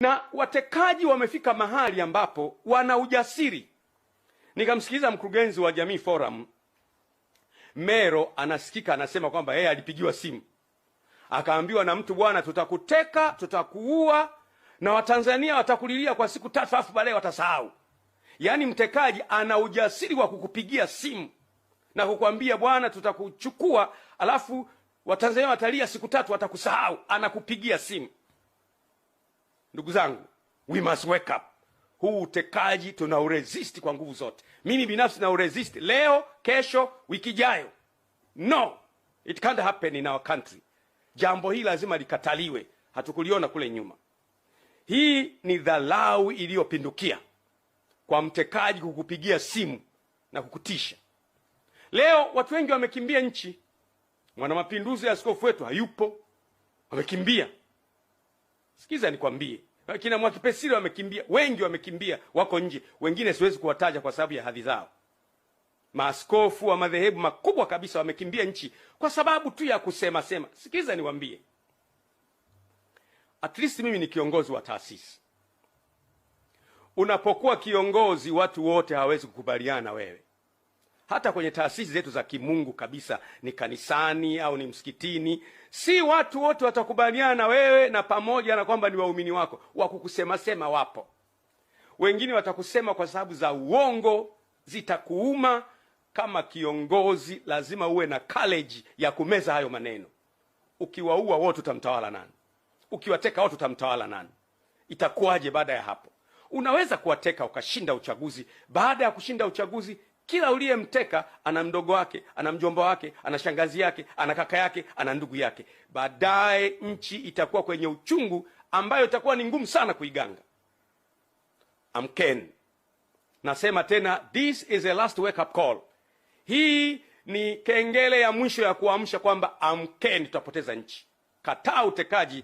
na watekaji wamefika mahali ambapo wana ujasiri. Nikamsikiliza mkurugenzi wa Jamii Forum Mero, anasikika anasema kwamba yeye alipigiwa simu akaambiwa na mtu, bwana, tutakuteka tutakuua, na Watanzania watakulilia kwa siku tatu, alafu baadaye watasahau. Yaani mtekaji ana ujasiri wa kukupigia simu na kukwambia, bwana, tutakuchukua, alafu Watanzania watalia siku tatu, watakusahau. Anakupigia simu. Ndugu zangu, we must wake up. Huu utekaji tuna uresist kwa nguvu zote. Mimi binafsi na uresist leo, kesho, wiki ijayo. No, it can't happen in our country. Jambo hili lazima likataliwe. Hatukuliona kule nyuma. Hii ni dharau iliyopindukia kwa mtekaji kukupigia simu na kukutisha. Leo watu wengi wamekimbia nchi. Mwanamapinduzi ya askofu wetu hayupo, wamekimbia. Sikiza nikwambie, kina Mwakipesile wamekimbia, wengi wamekimbia, wako nje, wengine siwezi kuwataja kwa sababu ya hadhi zao. Maaskofu wa madhehebu makubwa kabisa wamekimbia nchi kwa sababu tu ya kusema sema. Sikiliza niwaambie, at least mimi ni kiongozi wa taasisi. Unapokuwa kiongozi, watu wote hawawezi kukubaliana wewe hata kwenye taasisi zetu za kimungu kabisa, ni kanisani au ni msikitini, si watu wote watakubaliana na wewe, na pamoja na kwamba ni waumini wako, wakukusemasema wapo wengine watakusema kwa sababu za uongo, zitakuuma. Kama kiongozi, lazima uwe na kaleji ya kumeza hayo maneno. Ukiwaua wote utamtawala nani? Ukiwateka wote utamtawala nani? Itakuwaje baada ya hapo? Unaweza kuwateka ukashinda uchaguzi, baada ya kushinda uchaguzi kila uliyemteka ana mdogo wake, ana mjomba wake, ana shangazi yake, ana kaka yake, ana ndugu yake. Baadaye nchi itakuwa kwenye uchungu ambayo itakuwa ni ngumu sana kuiganga. Amkeni, nasema tena, this is a last wake up call. Hii ni kengele ya mwisho ya kuamsha kwamba amkeni, tutapoteza nchi. Kataa utekaji.